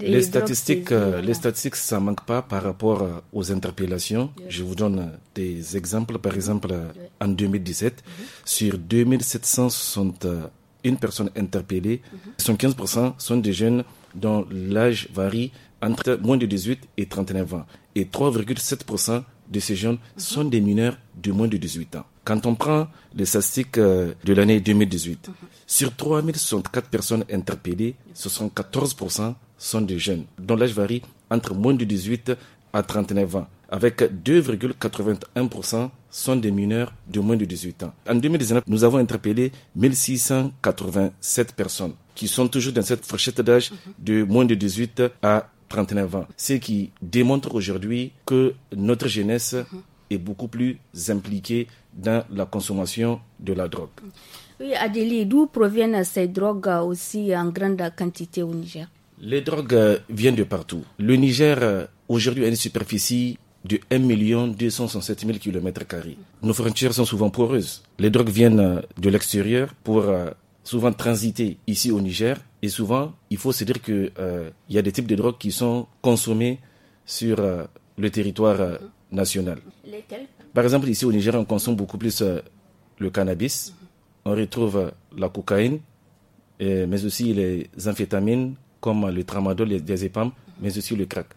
les statistiques, euh, les statistiques, ça manque pas par rapport euh, aux interpellations. Je vous donne euh, des exemples. Par exemple, en 2017, mhm. sur 2761 personnes interpellées, interpellée, 75% mhm. sont des jeunes dont l'âge varie entre moins de 18 et 39 ans. Et 3,7% de ces jeunes mhm. sont des mineurs de moins de 18 ans. Quand on prend les statistiques euh, de l'année 2018, mhm. sur 3064 personnes interpellées, 74% sont des jeunes, dont l'âge varie entre moins de 18 à 39 ans, avec 2,81% sont des mineurs de moins de 18 ans. En 2019, nous avons interpellé 1687 personnes qui sont toujours dans cette fourchette d'âge mhm. de moins de 18 à 39 ans, ce qui démontre aujourd'hui que notre jeunesse mhm est beaucoup plus impliqué dans la consommation de la drogue. Oui, Adélie, d'où proviennent ces drogues aussi en grande quantité au Niger Les drogues euh, viennent de partout. Le Niger, euh, aujourd'hui, a une superficie de 1 267 000 km2. Nos frontières sont souvent poreuses. Les drogues viennent euh, de l'extérieur pour souvent transiter ici au Niger. Et souvent, il faut se dire qu'il il y a des types de drogues qui sont consommées sur le territoire euh, national. Par exemple, ici au Niger, on consomme beaucoup plus euh, le cannabis. On retrouve euh, la cocaïne, mais aussi les amphétamines comme le tramadol, les diazépam, mais aussi le crack.